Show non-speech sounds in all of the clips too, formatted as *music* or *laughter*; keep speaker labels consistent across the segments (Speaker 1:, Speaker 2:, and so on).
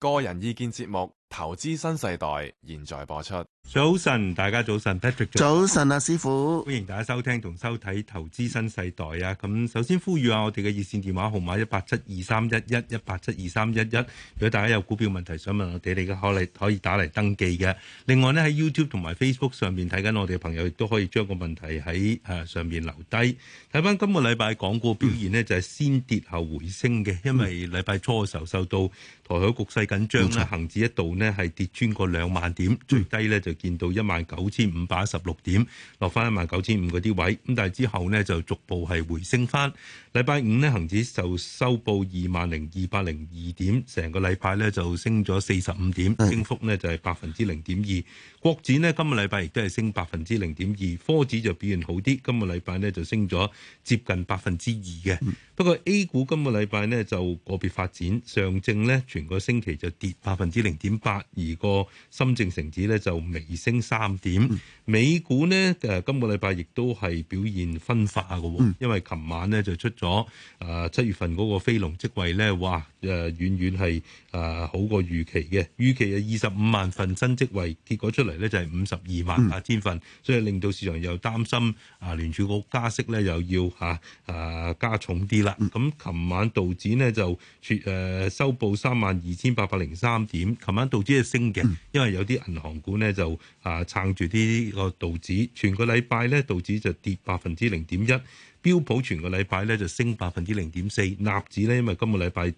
Speaker 1: 個人意見節目《投資新世代》現在播出。早晨，大家早晨，Patrick 早。早晨啊，師傅，歡迎大家收聽同收睇《投資新世代》啊！咁首先呼籲下我哋嘅熱線電話號碼一八七二三一一一八七二三一一，如果大家有股票問題想問我哋，你可嚟可以打嚟登記嘅。另外呢，喺 YouTube 同埋 Facebook 上面睇緊我哋嘅朋友，亦都可以將個問題喺誒、呃、上面留低。睇翻今個禮拜港股表現呢，嗯、就係、是、先跌後回升嘅，因為禮拜初嘅時候受到台海局勢緊張啦，恒指一度呢係跌穿過兩萬點，最低呢就，嗯見到一萬九千五百一十六點，落翻一萬九千五嗰啲位，咁但係之後呢，就逐步係回升翻。禮拜五呢，恒指就收報二萬零二百零二點，成個禮拜呢就升咗四十五點，升幅呢就係百分之零點二。國指呢，今個禮拜亦都係升百分之零點二，科指就表現好啲，今個禮拜呢就升咗接近百分之二嘅。不過 A 股今個禮拜呢就個別發展，上證呢全個星期就跌百分之零點八，而個深證成指呢就而升三點。美股呢，誒、呃、今個禮拜亦都係表現分化嘅，哦，因為琴晚呢就出咗誒七月份嗰個非農職位咧，哇誒遠遠係誒好過預期嘅，預期係二十五萬份新職位，結果出嚟咧就係五十二萬八千份，嗯，所以令到市場又擔心啊聯儲局加息咧又要嚇誒、啊啊、加重啲啦，咁、嗯、琴晚道指咧就誒、呃、收報三萬二千八百零三點琴晚道指係升嘅，嗯，因為有啲銀行股咧就啊，撐住啲個道指，全個禮拜咧道指就跌百分之零點一，標普全個禮拜咧就升百分之零點四，納指咧因為今個禮拜誒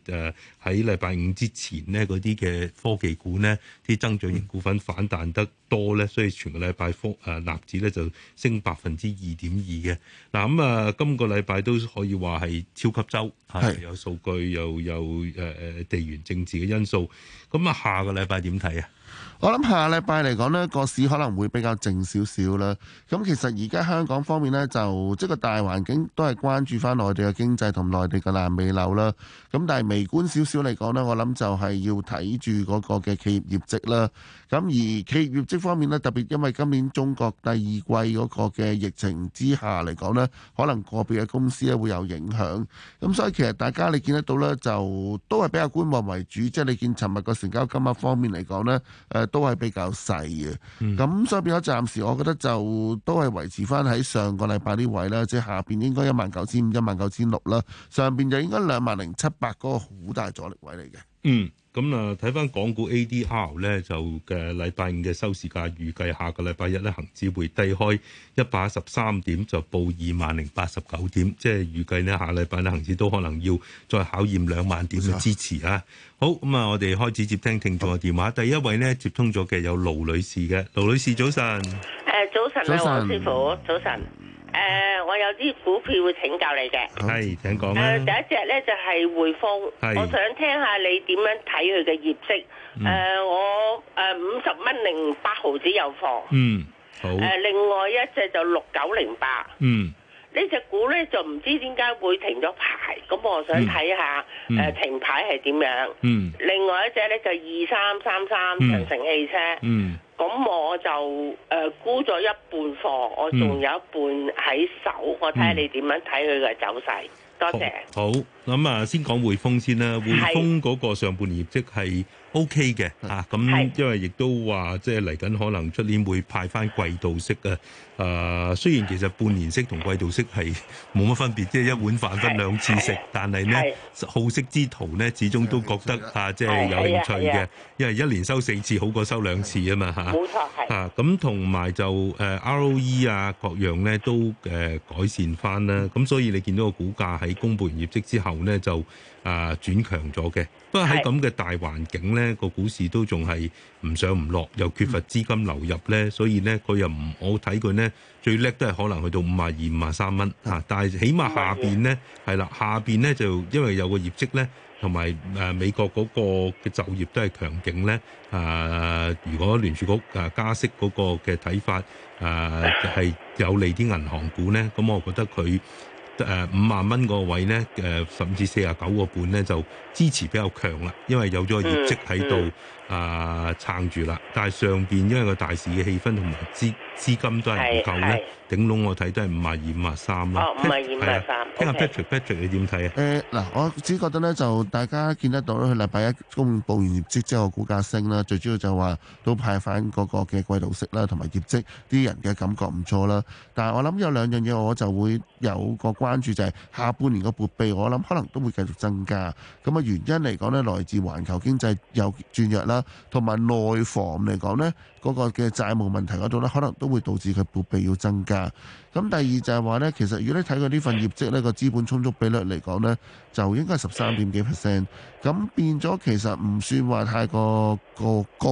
Speaker 1: 喺禮拜五之前呢嗰啲嘅科技股呢，啲增長型股份反彈得多咧，所以全個禮拜科誒呃、納指咧就升百分之二點二嘅。嗱、啊，咁、嗯、啊今個禮拜都可以話係超級周，係有數據又有誒誒、呃、地緣政治嘅因素。
Speaker 2: 咁啊下個禮拜點睇啊？我諗下禮拜嚟講呢個市可能會比較靜少少啦。咁其實而家香港方面呢，就即係個大環境都係關注翻內地嘅經濟同內地嘅爛尾樓啦。咁但係微觀少少嚟講呢，我諗就係要睇住嗰個嘅企業業績啦。咁而企業業績方面呢，特別因為今年中國第二季嗰個嘅疫情之下嚟講呢，可能個別嘅公司咧會有影響。咁所以其實大家你見得到呢，就都係比較觀望為主。即係你見尋日個成交金額方面嚟講呢。誒。都係比較細嘅，咁所以變咗暫時，我覺得就都係維持翻喺上個禮拜呢位啦，即係下邊應該一萬九千五、一萬九千六啦，上邊就應該兩萬零七百嗰個好大阻力位嚟嘅。嗯。咁啊，睇
Speaker 1: 翻港股 ADR 咧，就嘅禮拜五嘅收市價，預計下個禮拜一咧，恒指會低開一百一十三點，就報二萬零八十九點，即係預計呢下禮拜咧，恒指都可能要再考驗兩萬點嘅支持啊！好，咁啊，我哋開始接聽聽眾嘅電話，第一位呢，接通咗嘅有盧女士嘅，盧女士早晨。誒
Speaker 2: 早晨，黃師傅，早晨。誒、呃，我有啲股票會請教你嘅。
Speaker 1: 係，請講。誒，第一
Speaker 2: 隻咧就係匯豐，我想聽下你點樣睇佢嘅業績。誒、呃嗯，我誒、呃、五十蚊零八毫子有貨。嗯，
Speaker 1: 好。誒、呃，
Speaker 2: 另外一隻就六九零八。嗯，這隻股呢隻股咧就唔知點解會停咗牌，咁我想睇下誒、嗯呃、停牌係點樣。嗯，另外一隻咧就二三三三長城汽車。嗯。嗯咁我就誒、呃、沽咗一半貨，我仲有一半喺手，嗯、我睇下你點樣睇佢嘅走勢、嗯。多謝。
Speaker 1: 好，咁啊，先講匯豐先啦。匯豐嗰個上半年業績係 OK 嘅啊，咁因為亦都話即係嚟緊可能出年會派翻季度息啊。誒、呃，雖然其實半年息同季度息係冇乜分別，即係一碗飯分兩次食，但係呢好色之徒呢，始終都覺得啊，即係有興趣嘅，因為一年收四次好過收兩次嘛啊嘛嚇。冇錯係。嚇，咁同埋就誒 ROE 啊，各樣呢都誒改善翻啦。咁所以你見到個股價喺公布完業績之後呢，就啊轉強咗嘅。不過喺咁嘅大環境咧，個股市都仲係唔上唔落，又缺乏資金流入咧，所以咧佢又唔，我睇佢咧最叻都係可能去到五十二、五十三蚊啊，但係起碼下邊咧係啦，下邊咧就因為有個業績咧，同埋誒美國嗰個嘅就業都係強勁咧，啊，如果聯儲局誒加息嗰個嘅睇法誒係有利啲銀行股咧，咁我覺得佢。誒，五萬蚊個位咧，誒，甚至四啊九個半咧，就支持比較強啦，因為有咗業績喺度。Mm-hmm. Mm-hmm. 啊、呃、撐住啦！但係上面因為個大市嘅氣氛同埋資資金都係唔夠呢，頂籠我睇都係五啊二五啊三啦。哦，五啊二五啊三。聽下 Patrick Patrick 你點睇
Speaker 2: 啊？嗱、okay。啊呃，我自己覺得呢，就大家見得到啦。佢禮拜一公布完業績之後，股、就是、價升啦。最主要就話都派返嗰個嘅季度息啦，同埋業績啲人嘅感覺唔錯啦。但係我諗有兩樣嘢，我就會有個關注就係、是、下半年個撥備，我諗可能都會繼續增加。咁、那、嘅、個、原因嚟講呢，來自環球經濟又轉弱啦。同埋內房嚟講呢，嗰個嘅債務問題嗰度呢，可能都會導致佢撥備要增加。咁第二就係話呢，其實如果你睇佢呢份業績呢個資本充足比率嚟講呢，就應該十三點幾 percent。咁變咗其實唔算話太過過高。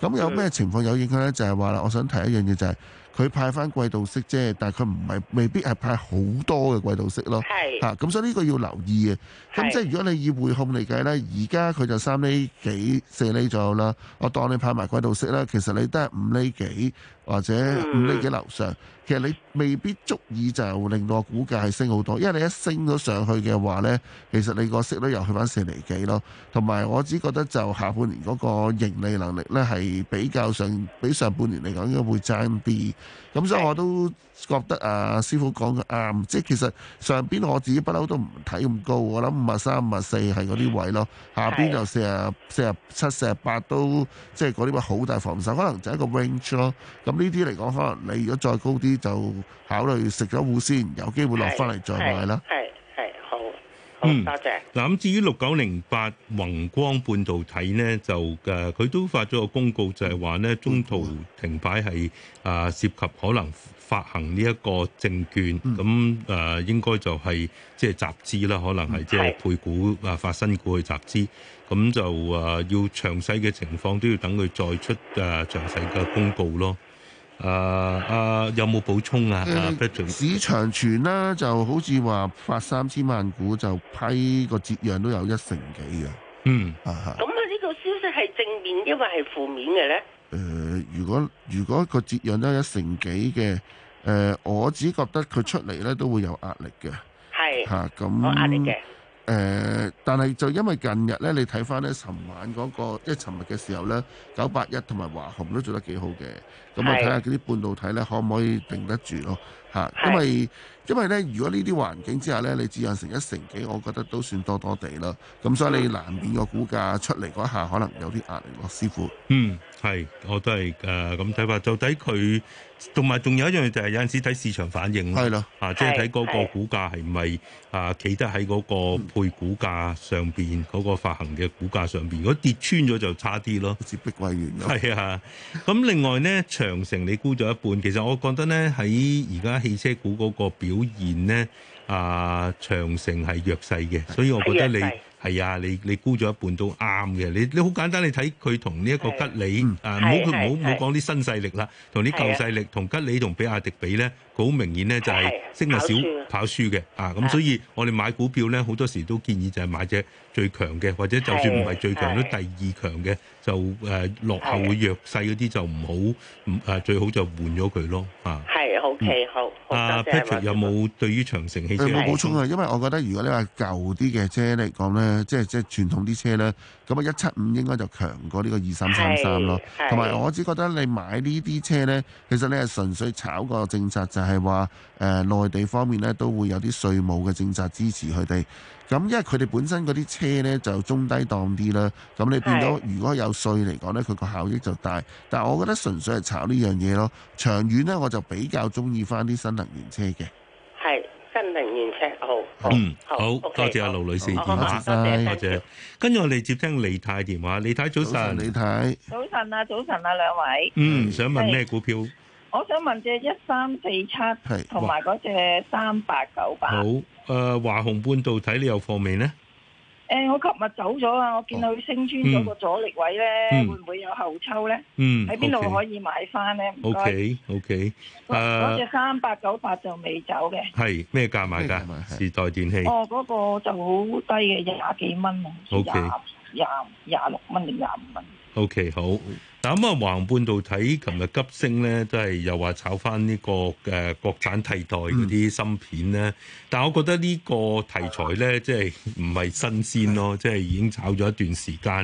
Speaker 2: 咁有咩情況有影響呢？就係話啦，我想提一樣嘢就係。佢派翻季度息啫，但係佢唔係未必係派好多嘅季度息咯。係，嚇咁所以呢個要留意嘅。咁即係如果你以匯控嚟計咧，而家佢就三釐幾、四釐左右啦。我當你派埋季度息啦，其實你都係五釐幾或者五釐幾以上。其實你未必足以就令到股價係升好多，因為你一升咗上去嘅話咧，其實你個息率又去翻四釐幾咯。同埋我只覺得就下半年嗰個盈利能力咧係比較上比上半年嚟講應該會爭啲。咁所以我都覺得啊，師傅講啱，啊，即係其實上邊我自己不嬲都唔睇咁高，我諗五啊三、五啊四係嗰啲位咯，嗯，下邊就四啊四啊七、四啊八都即係嗰啲位好大防守，可能就一個 range 咯。咁呢啲嚟講，可能你如果再高啲，就考慮食咗糊先，有機會落翻嚟再買啦。
Speaker 1: 嗯，多謝。嗱，咁至於六九零八宏光半導體呢，就誒佢、啊、都發咗個公告，就係話咧中途停牌係啊涉及可能發行呢一個證券，咁、嗯、誒、啊、應該就係即係集資啦，可能係即係配股啊發新股去集資，咁就誒、啊、要詳細嘅情況都要等佢再出誒、啊、詳細嘅公告咯。誒，阿
Speaker 2: 有冇補充啊？Uh, 市場傳啦、啊，就好似話發三千萬股就批個折讓都有一成幾嘅。嗯，咁啊，呢個消息係正面，抑或係負面嘅咧？誒，如果如果個折讓都有一成幾嘅，誒、呃，我只覺得佢出嚟咧都會有壓力嘅。係吓咁。壓、啊、力嘅。誒、呃，但係就因為近日呢，你睇翻呢尋晚嗰、嗰個即尋日嘅時候呢，九八一同埋華虹都做得幾好嘅，咁啊睇下嗰啲半導體呢，可唔可以定得住咯？嚇，因為。因為咧，如果呢啲環境之下咧，你只養成一成幾，我覺得都算多多地啦。咁所以你難免個股價出嚟嗰一下，可能有啲壓力咯師傅。嗯，
Speaker 1: 係，我都係咁睇法。就睇佢，同埋仲有一樣嘢就係有陣時睇市場反應咯。係咯，啊，即係睇嗰個股價係咪啊企得喺嗰個配股價上邊嗰、嗯嗰個發行嘅股價上邊，如果跌穿咗就差啲咯，好似碧桂園。係啊，咁另外呢，長城你沽咗一半，其實我覺得呢，喺而家汽車股嗰個表。表現呢，啊、呃，長城係弱勢嘅，所以我覺得你係啊，你你估咗一半都啱嘅。你你好簡單，你睇佢同呢一個吉利啊，唔好唔好好講啲新勢力啦，同啲舊勢力，同吉利同比亞迪比咧，佢好明顯咧就係升得少，跑輸嘅。啊，咁、啊、所以我哋買股票咧，好多時候都建議就係買隻最強嘅，或者就算唔係最強都第二強嘅，就誒、呃、落後會弱勢嗰啲就唔好，誒最好就換咗佢咯，啊。
Speaker 2: 好、okay，k、嗯、好，阿 Patrick
Speaker 1: 有冇對於長城汽車，有冇補充
Speaker 2: 啊？因為我覺得如果你話舊啲嘅車嚟講咧，即係即係傳統啲車咧，咁啊一七五應該就強過呢個二三三三咯。同埋我只覺得你買呢啲車咧，其實你係純粹炒個政策，就係話誒內地方面咧都會有啲稅務嘅政策支持佢哋。咁因為佢哋本身嗰啲車咧就中低檔啲啦，咁你變咗如果有稅嚟講咧，佢個效益就大。但係我覺得純粹係炒呢樣嘢咯。長遠咧，我就比較中意翻啲新能源車嘅。係新能源
Speaker 1: 車，好，嗯，好多謝阿盧女士，多謝多謝，跟住 phenomen- 我哋接聽李太電話。李太，太，早晨，李太，
Speaker 2: 早晨啊，早晨啊，兩位，嗯，想問咩股票？我想問隻一三四七，同埋嗰隻三八九八。好，
Speaker 1: 誒華虹半導體你有貨未咧？
Speaker 2: 誒，我琴日走咗啊！我見到佢升穿咗個阻力位咧，會唔會有後抽咧？嗯，喺邊度可以買翻咧？O K，
Speaker 1: O K，嗰隻
Speaker 2: 三八九八就未走嘅。
Speaker 1: 係咩價買噶？時代電器。哦，
Speaker 2: 嗰個就好低嘅，廿幾蚊啊，廿廿廿六蚊定廿五蚊
Speaker 1: ？O K，好。咁啊，華虹半導體琴日急升咧，都係又話炒返呢、這個誒、呃、國產替代嗰啲芯片咧。但係我覺得呢個題材咧，即係唔係新鮮咯，即係已經炒咗一段時間。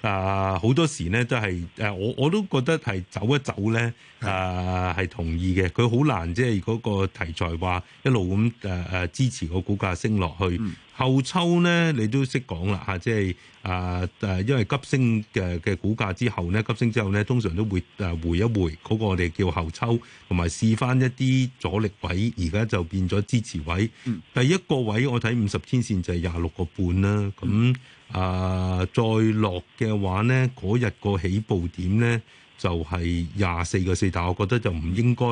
Speaker 1: 啊、呃，好多時咧都係誒，我我都覺得係走一走咧，啊、呃、係同意嘅。佢好難即係嗰個題材話一路咁誒誒支持個股價升落去。後抽呢，你都識講啦，吓，即係啊，誒，因為急升嘅嘅股價之後呢，急升之後呢，通常都會誒、啊、回一回，嗰、嗰個我哋叫後抽，同埋試翻一啲阻力位，而家就變咗支持位、嗯。第一個位我睇五十天線就係廿六個半啦，咁啊再落嘅話呢，嗰日個起步點呢，就係廿四個四，但我覺得就唔應該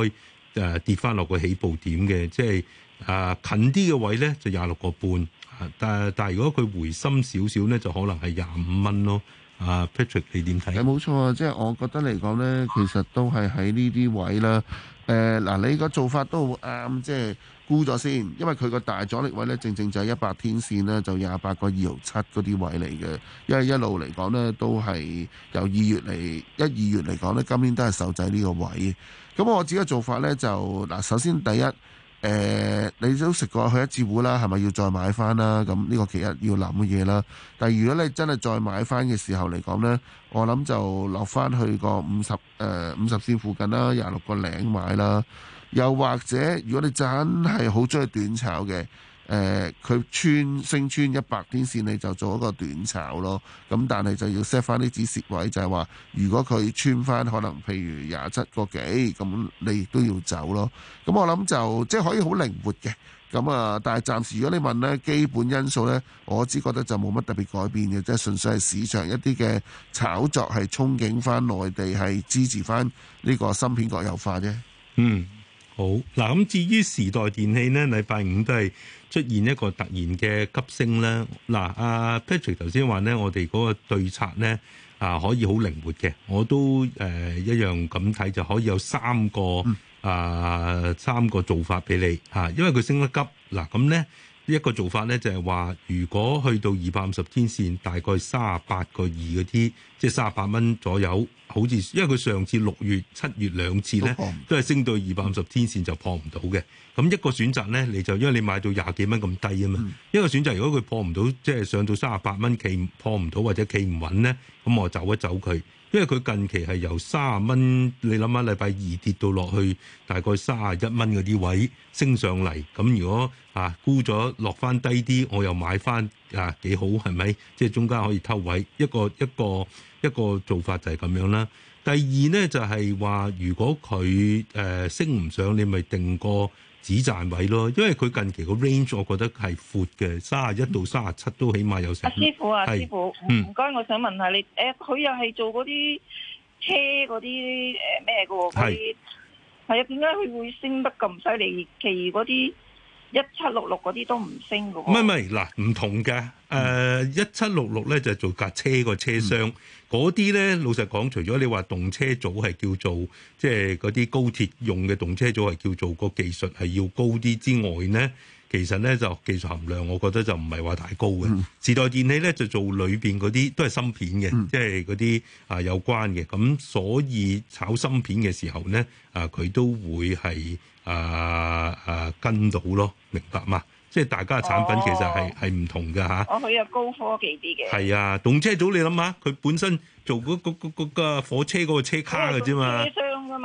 Speaker 1: 誒跌翻落個起步點嘅，即係啊近啲嘅位呢，就廿六個半。啊但係但係如果佢回心回深少少呢，就可能係廿五蚊咯。啊，Patrick，
Speaker 2: 你點睇？冇錯啊，即係我覺得嚟講呢，其實都係喺呢啲位啦。誒，嗱，你個做法都好啱，即係估咗先，因為佢個大阻力位呢，正正就係一百天線啦，就廿八個二毫七嗰啲位嚟嘅。因為一路嚟講呢，都係由二月嚟，一、二月嚟講呢，今年都係受制呢個位。咁我自己嘅做法呢，就嗱，首先第一。誒、呃，你都食過佢一次糊啦，係咪要再買返啦？咁呢個其一要諗嘅嘢啦。但係如果你真係再買返嘅時候嚟講呢，我諗就落返去個五十誒五十線附近啦，廿六個零買啦。又或者，如果你真係好中意短炒嘅。誒、呃、佢穿升穿一百天線，你就做一個短炒咯。咁但係就要 set 翻啲止蝕位，就係話如果佢穿翻可能譬如廿七個幾，咁你亦都要走咯。咁我諗就即係可以好靈活嘅。咁啊，但係暫時如果你問呢基本因素呢，我只覺得就冇乜特別改變嘅，即係純粹係市場一啲嘅炒作係憧憬翻內地係支持翻呢個芯片國有化啫。嗯。
Speaker 1: 好嗱，咁至於時代電器咧，禮拜五都係出現一個突然嘅急升咧。嗱，阿 Patrick 頭先話咧，我哋嗰個對策咧啊，可以好靈活嘅。我都誒一樣咁睇，就可以有三個啊，三個做法俾你嚇，因為佢升得急嗱，咁咧。一個做法咧就係話，如果去到二百五十天線大概三十八個二嗰啲，即係三十八蚊左右，好似因為佢上次六月、七月兩次咧，都係升到二百五十天線就破唔到嘅。咁一個選擇咧，你就因為你買到廿幾蚊咁低啊嘛、嗯。一個選擇，如果佢破唔到，即係上到三十八蚊企破唔到或者企唔穩咧，咁我走一走佢。因為佢近期係由三十蚊，你諗下禮拜二跌到落去大概三十一蚊嗰啲位升上嚟，咁如果啊沽咗落翻低啲，我又買翻啊幾好係咪？即係中間可以偷位，一個一個一個做法就係咁樣啦。第二呢，就係話，如果佢誒升唔上，你咪定個。止賺位咯，因為佢近期個 range 我覺得係闊嘅，三十一到三十七都起碼有成。阿師傅啊，師傅，唔
Speaker 2: 該，我想問下、嗯、你，誒，佢又係做嗰啲車嗰啲誒咩嘅喎？係，係啊，點解佢會升得咁犀利？其餘嗰啲。一七六六嗰啲都唔
Speaker 1: 升嘅啊？唔係唔係嗱，唔同嘅。誒一七六六咧就做架車個車廂，嗰啲咧老實講，除咗你話動車組係叫做即係嗰啲高鐵用嘅動車組係叫做個技術係要高啲之外咧，其實咧就技術含量，我覺得就唔係話太高嘅。嗯。時代電器咧就做裏邊嗰啲都係芯片嘅，即係嗰啲啊有關嘅。咁所以炒芯片嘅時候咧，啊佢都會係。誒、呃、誒、呃、跟到咯，明白嘛？即係大家嘅產品其實係係唔同㗎吓，我、哦、佢
Speaker 2: 有高科技啲嘅。
Speaker 1: 係啊，動車組你諗下，佢本身。做嗰個個個架火車嗰個車卡嘅啫嘛，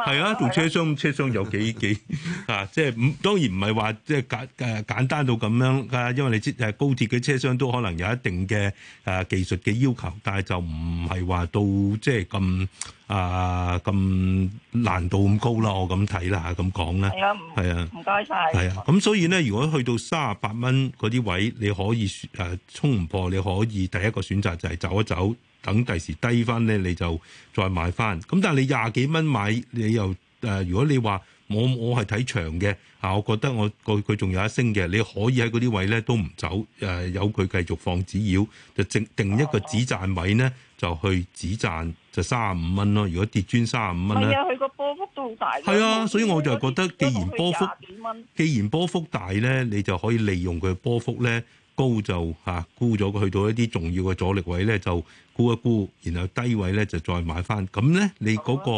Speaker 2: 係啊，做車廂咁，
Speaker 1: 車廂有幾幾 *laughs* 啊？即係唔當然唔係話即係簡誒簡單到咁樣啊，因為你知，誒、啊、高鐵嘅車廂都可能有一定嘅誒、啊、技術嘅要求，但係就唔係話到即係咁啊咁、嗯、難度咁高啦。我咁睇啦嚇，咁講啦，係啊，係啊，唔
Speaker 2: 該晒。係啊，咁
Speaker 1: 所以呢，如果去到三十八蚊嗰啲位，你可以誒、啊、衝唔破，你可以第一個選擇就係走一走。等第時低翻咧，你就再買翻。咁但係你廿幾蚊買，你又誒，如果你話我我係睇長嘅，我覺得我個佢仲有一升嘅，你可以喺嗰啲位咧都唔走，誒，由佢繼續放紙鷂，就定定一個止賺位咧，就去止賺就三十五蚊咯。如果跌穿三十五蚊咧，
Speaker 2: 係啊，佢個波幅都好大。係啊，所以我就係
Speaker 1: 覺得，既然波幅幾蚊，既然波幅大咧，你就可以利用佢波幅咧。高就嚇沽咗去到一啲重要嘅阻力位咧，就沽一沽，然後低位咧就再買翻。咁咧，你嗰個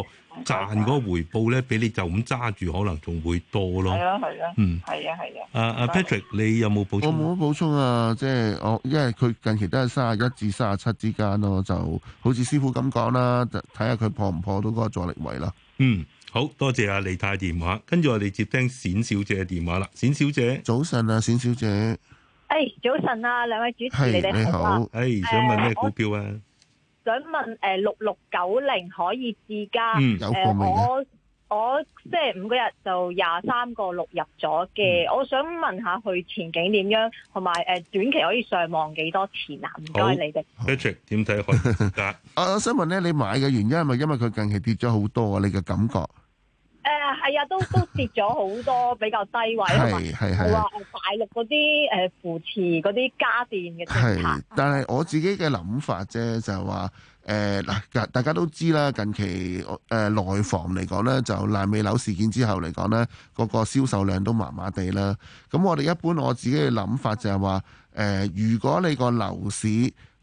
Speaker 1: 賺嗰個回報咧，比你就咁揸住可能
Speaker 2: 仲會多咯。係啊，係咯。嗯，係啊，係啊。阿阿 Patrick，你有冇補充？我冇乜補充啊，即係我，因為佢近期都係三十一至三十七之間咯，就好似師傅咁講啦，睇下佢破唔破到嗰個阻力位啦。嗯，
Speaker 1: 好多謝啊，利太電話。跟住我哋接聽冼小姐嘅電話啦，冼小姐，早晨啊，冼小姐。誒、hey,，早
Speaker 2: 晨啊，兩位主持，hey, 你們好、啊。誒、hey,，想問咩股票啊？呃、想問誒六六九零可以自家嗯，呃、有冇貨？我我星期五嗰日就廿三個六入咗嘅、嗯，我想問下佢前景點樣，同埋誒短期可以上望幾多錢啊？唔該，
Speaker 1: 你哋。點睇可
Speaker 2: 以？啊， *laughs* 我想問咧，你買嘅原因係咪因為佢近期跌咗好多啊？你嘅感覺？誒係啊，都都跌咗好多，比較低位係嘛。我 *laughs* 話大陸嗰啲誒，扶持嗰啲家電嘅政策，但係我自己嘅諗法啫，就係話誒，嗱，大家都知啦，近期誒、呃、內房嚟講咧，就爛尾樓事件之後嚟講咧，個、嗰個銷售量都麻麻地啦。咁我哋一般我自己嘅諗法就係話誒，如果你個樓市，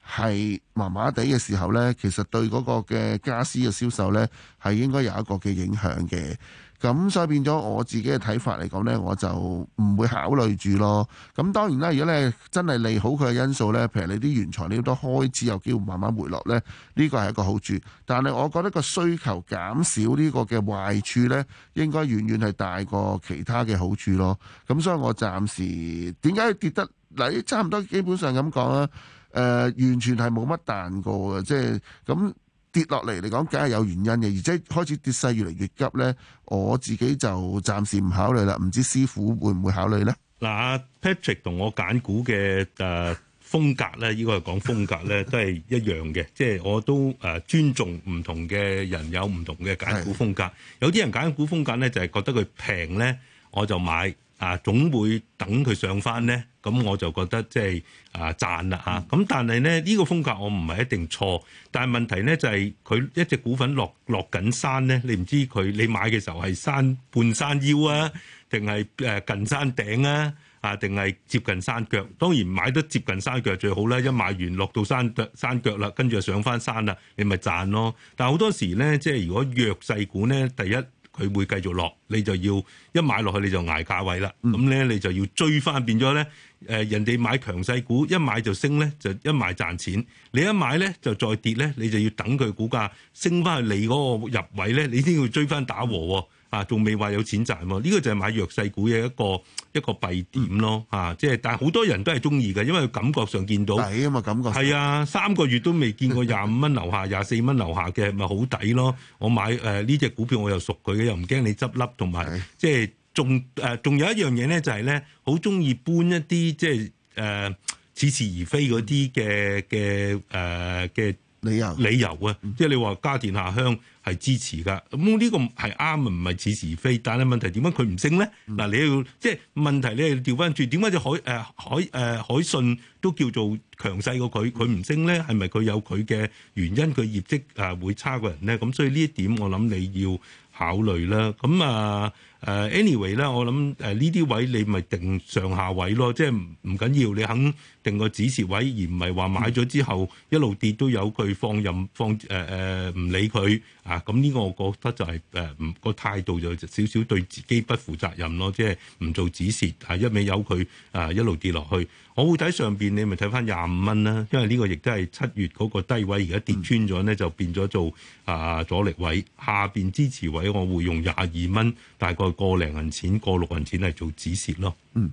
Speaker 2: 係麻麻地嘅時候呢，其實對嗰個嘅家私嘅銷售呢，係應該有一個嘅影響嘅。咁所以變咗我自己嘅睇法嚟講呢，我就唔會考慮住咯。咁當然啦，如果你真係利好佢嘅因素呢，譬如你啲原材料都開始有機會慢慢回落呢，呢個係一個好處。但係我覺得個需求減少呢個嘅壞處呢，應該遠遠係大過其他嘅好處咯。咁所以我暫時點解跌得嗱？你差唔多基本上咁講啦。誒完全係冇乜彈過嘅，即係咁跌落嚟嚟講，梗係有原因嘅。而且開始跌勢越嚟越急咧，我自己就暫時唔考慮啦。唔知師傅會唔會考慮咧？
Speaker 1: 嗱，Patrick 同我揀股嘅誒風格咧，應該係講風格咧，都係一樣嘅。即係我都誒尊重唔同嘅人有唔同嘅揀股風格。有啲人揀股風格咧，就係覺得佢平咧，我就買，啊，總會等佢上翻咧，咁我就覺得即係啊賺啦嚇。咁但係咧，呢個風格我唔係一定錯，但係問題咧就係佢一隻股份落落緊山咧，你唔知佢你買嘅時候係山半山腰啊，定係誒近山頂啊，啊定係接近山腳？當然買得接近山腳最好啦，一買完落到山腳山腳啦，跟住就上翻山啦，你咪賺咯。但係好多時咧，即係如果弱勢股咧，第一。佢會繼續落，你就要一買落去你就捱價位啦。咁、嗯、咧你就要追翻，變咗咧、呃、人哋買強勢股一買就升咧，就一買賺錢。你一買咧就再跌咧，你就要等佢股價升翻去你嗰個入位咧，你先要追翻打和。啊，仲未話有錢賺喎？呢、這個就係買弱勢股嘅一個一個弊點咯。啊、嗯，即係但係好多人都係中意嘅，因為感覺上見到抵啊嘛感覺係啊，三個月都未見過廿五蚊樓下，廿四蚊樓下嘅，咪好抵咯！我買誒呢隻股票，我又熟佢嘅，又唔驚你執笠，同埋即係仲誒仲有一樣嘢咧，就係咧好中意搬一啲即係誒似是、呃、似是而非嗰啲嘅嘅誒嘅理由理由啊！即係你話家電下鄉。係支持㗎，咁呢個係啱，唔係似是非。但係問題點解佢唔升咧？嗱，你要即係問題咧，調翻轉點解隻海、啊、海、啊、海信都叫做強勢過佢，佢唔升咧，係咪佢有佢嘅原因？佢業績誒會差過人咧？咁所以呢一點我諗你要考慮啦。咁啊誒，anyway 咧，我諗呢啲位你咪定上下位咯，即係唔唔緊要，你肯定個止蝕位，而唔係話買咗之後一路跌都由佢放任放、呃、呃、唔理佢啊！咁呢個我覺得就係誒唔個態度就少少對自己不負責任咯，即係唔做止蝕，一味由佢啊一路跌落去。我會睇上邊，你咪睇翻廿五蚊啦，因為呢個亦都係七月嗰個低位，而家跌穿咗呢，就變咗做啊、呃、阻力位。下邊支持位我會用廿二蚊，大概個零銀錢、個六銀錢嚟做止蝕咯。嗯。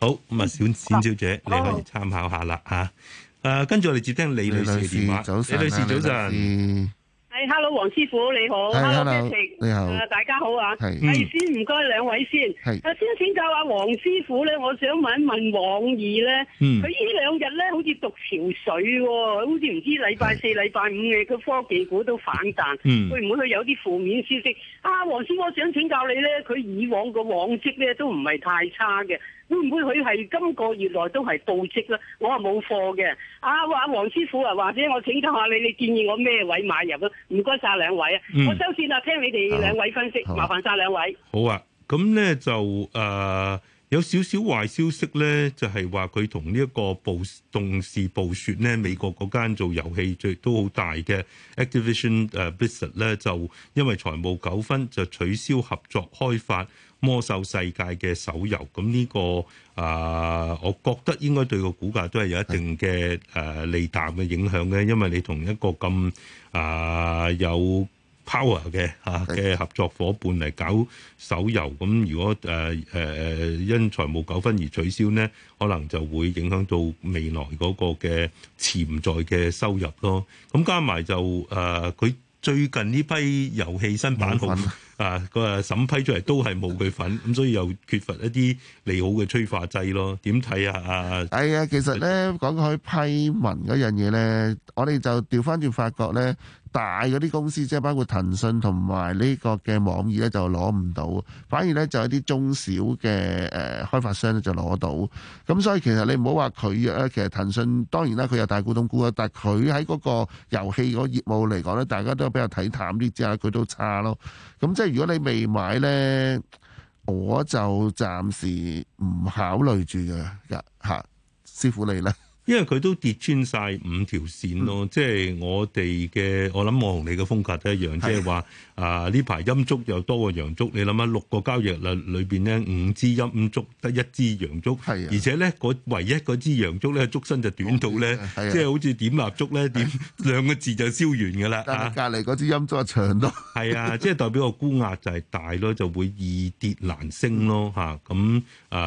Speaker 1: 好，咁啊，冼冼小姐，你可以參考下啦吓。誒、啊啊啊，跟住我哋接聽李女士嘅電話。李女士早晨。係、hey，hello，王師傅你好 h e l l o 大家好啊，係、嗯、先唔該兩位先，係，先請教下王師傅咧，我想問一問往意咧，佢呢兩日咧好似獨潮水喎、哦，好似唔知禮拜四、禮拜五嘅佢科技股都反彈，嗯，他不會唔會佢有啲負面消息、嗯、啊，往往會會啊？王師傅，我想請教你咧，佢以往個往績咧都唔係太差嘅，會唔會佢係今個月來都係暴績咧？我啊冇貨嘅，啊，哇，王師傅啊，或者我請教下你，你建議我咩位買入唔該晒兩位啊、嗯！我收先啊，聽你哋兩位分析，麻煩晒兩位。好啊，咁咧就誒、呃、有少少壞消息咧，就係話佢同呢一個暴動視暴雪咧，美國嗰間做遊戲最都好大嘅 Activision 誒 b s i n e s s d 咧，Visit，就因為財務糾紛就取消合作開發。魔獸世界嘅手遊，咁呢個啊，我覺得應該對個股價都係有一定嘅誒利淡嘅影響嘅，因為你同一個咁啊有 power 嘅吓嘅合作夥伴嚟搞手遊，咁如果誒誒誒因財務糾紛而取消呢，可能就會影響到未來嗰個嘅潛在嘅收入咯。咁加埋就誒，佢最近呢批遊戲新版本。啊個審批出嚟都係冇佢份，咁所以又缺乏一啲利好嘅催化劑咯。點睇啊、哎
Speaker 2: 呀？啊，係啊，其實咧講佢批文嗰樣嘢咧，我哋就調翻轉發覺咧，大嗰啲公司即係包括騰訊同埋呢個嘅網易咧，就攞唔到，反而咧就有啲中小嘅誒開發商咧就攞到。咁所以其實你唔好話佢啊，其實騰訊當然啦，佢有大股東股啊，但係佢喺嗰個遊戲嗰業務嚟講咧，大家都比較睇淡啲之下，佢都差咯。咁即係。如果你未買咧，我就暫時唔考慮住嘅吓，師傅你咧。因
Speaker 1: 為佢都跌穿晒五條線咯、嗯，即係我哋嘅，我諗我同你嘅風格都一樣，係啊、即係話啊呢排陰燭又多過陽燭，你諗下六個交易日裏邊，呢五支陰燭得一支陽燭，係啊，而且咧唯一嗰支陽燭咧燭身就短到咧、啊，即係好似點蠟燭咧點兩個字就燒完㗎啦，隔離嗰支陰燭長多係啊， *laughs* 即係代表個沽壓就係大咯，就會易跌難升咯嚇咁啊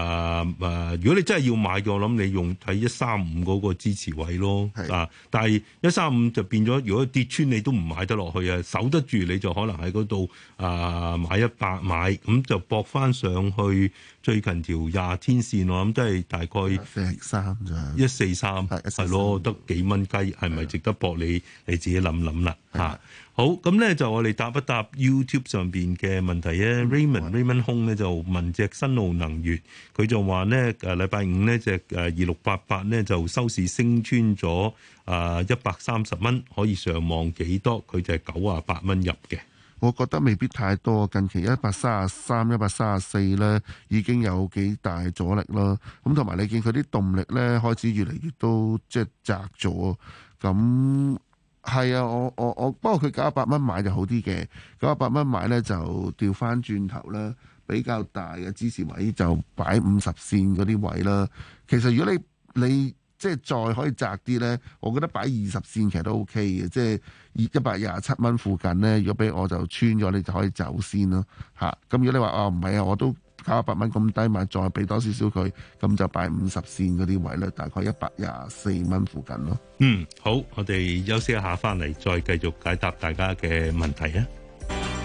Speaker 1: 啊！如果你真係要買嘅，我諗你用睇一三五。嗰個支持位咯，啊！但係一三五就變咗，如果跌穿你都唔買得落去啊，守得住你就可能喺嗰度啊買一百買，咁就搏翻上去。最近條廿天線我諗都係大概一四三咋，一四三係咯，得幾蚊雞，係咪值得搏你？你自己諗諗啦嚇。好，咁咧就我哋答一答 YouTube 上邊嘅問題咧，Raymond、嗯、Raymond 空咧就問隻新奧能源，佢就話咧誒禮拜五呢隻誒二六八八咧就收市升穿咗啊一百三十蚊，可以上望幾多？佢就係九啊八蚊入嘅。
Speaker 2: 我覺得未必太多，近期一百三十三、一百三十四咧已經有幾大阻力咯。咁同埋你見佢啲動力咧開始越嚟越多，即係窄咗。咁係啊，我我我不過佢九百蚊買就好啲嘅，九百蚊買咧就調翻轉頭啦。比較大嘅支持位就擺五十線嗰啲位啦。其實如果你你。即係再可以窄啲咧，我覺得擺二十線其實都 OK 嘅，即係一百廿七蚊附近咧。如果俾我就穿咗，你就可以走先咯，嚇、啊！咁如果你話哦唔係啊，我都搞一百蚊咁低咪，再俾多少少佢，咁就擺五十線嗰啲位咧，大概一百廿四蚊附近咯。嗯，
Speaker 1: 好，我哋休息一下，翻嚟再繼續解答大家嘅問題啊！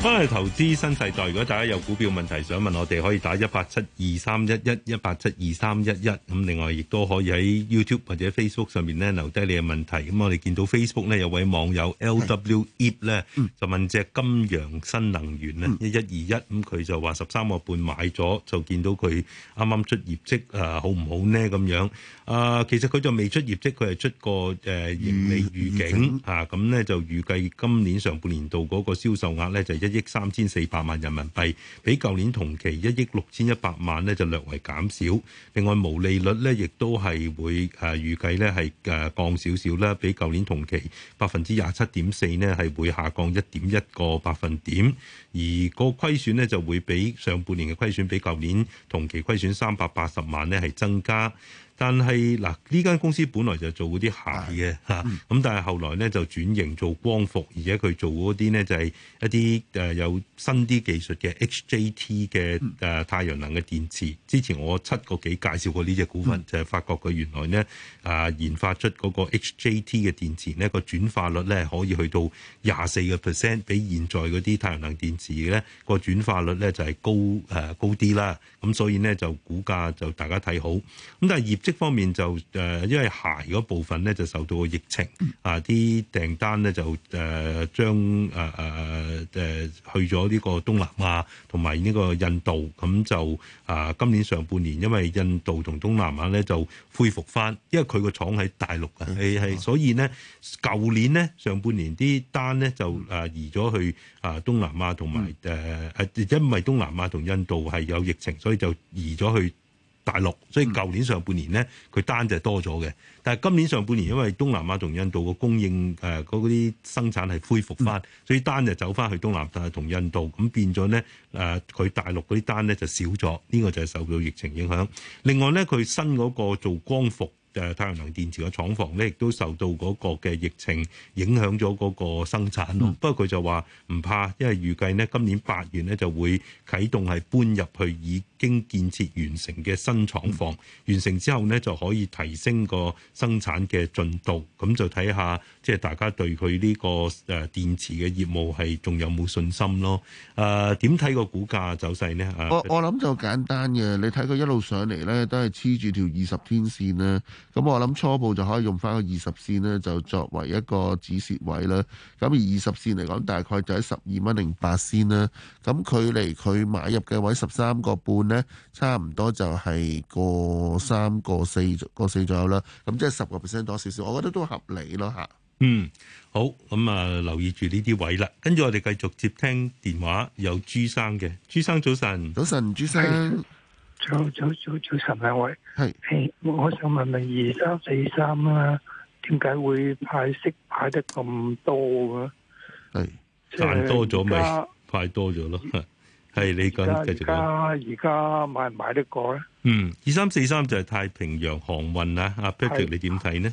Speaker 1: 翻去投資新世代，如果大家有股票問題想問我哋，可以打一八七二三一一一八七二三一一，咁另外亦都可以喺 YouTube 或者 Facebook 上面咧留低你嘅問題。咁我哋見到 Facebook 咧有位網友 LW Eep 咧就問隻金陽新能源咧一一二一，咁佢就話十三個半買咗，就見到佢啱啱出業績，好唔好呢？咁樣。啊，其實佢就未出業績，佢係出過誒盈利預警、嗯嗯、啊！咁呢就預計今年上半年度嗰個銷售額呢，就一億三千四百萬人民幣，比舊年同期一億六千一百萬呢，就略為減少。另外毛利率呢，亦都係會誒、啊、預計呢係誒、呃、降少少啦，比舊年同期百分之廿七點四呢，係會下降一點一個百分點。而個虧損呢，就會比上半年嘅虧損比舊年同期虧損三百八十萬呢，係增加。但係嗱，呢間公司本來就做嗰啲鞋嘅吓，咁、嗯、但係後來咧就轉型做光伏，而且佢做嗰啲咧就係一啲誒有新啲技術嘅 HJT 嘅誒太陽能嘅電池、嗯。之前我七個幾個介紹過呢隻股份，嗯、就係發覺佢原來咧啊研發出嗰個 HJT 嘅電池咧個轉化率咧可以去到廿四個 percent，比現在嗰啲太陽能電池嘅咧個轉化率咧就係高誒、呃、高啲啦。咁所以咧就股價就大家睇好。咁但係業績。一方面就誒因為鞋嗰部分咧就受到個疫情，啊啲訂單咧就誒將誒誒誒誒去咗呢個東南亞同埋呢個印度，咁就啊今年上半年因為印度同東南亞咧就恢復翻，因為佢個廠喺大陸啊，係係所以咧舊年咧上半年啲單咧就誒移咗去啊東南亞同埋誒誒，因為東南亞同印度係有疫情，所以就移咗去。大陸，所以舊年上半年呢，佢單就多咗嘅。但係今年上半年，因為東南亞同印度個供應誒嗰啲生產係恢復翻，所以單就走翻去東南亞同印度。咁變咗呢，誒、呃，佢大陸嗰啲單呢就少咗。呢、呢個就係受到疫情影響。另外呢，佢新嗰個做光伏誒太陽能電池嘅廠房呢，亦都受到嗰個嘅疫情影響咗嗰個生產。不過佢就話唔怕，因為預計呢今年八月呢就會啟動係搬入去以經建設完成嘅新廠房、嗯，完成之後呢就可以提升個生產嘅進度。咁就睇下，即係大家對佢呢個誒電池嘅業務係仲有冇信心咯？誒、呃，點睇個股價走勢呢？我我諗
Speaker 2: 就簡單嘅，你睇佢一路上嚟呢都係黐住條二十天線啦。咁我諗初步就可以用翻個二十線呢，就作為一個止蝕位啦。咁而二十線嚟講，大概就喺十二蚊零八線啦。咁距離佢買入嘅位十三個半。咧，差唔多就係個三、個四、個四左右啦，咁即係十個 percent 多少少，我覺得都合理咯吓。嗯，
Speaker 1: 好，咁啊留意住呢啲位啦。跟住我哋繼續接聽電話，有朱生嘅。朱生早晨，早晨朱生，早早早早晨兩位，係，我想問問二三四三啊，點解會派息派得咁多嘅，啊？係賺、就係、多咗咪派多咗咯？係你講，繼續而家而買唔買得過咧？嗯，二三四三就係太平洋航運啦。阿 p e t r 你點
Speaker 2: 睇呢？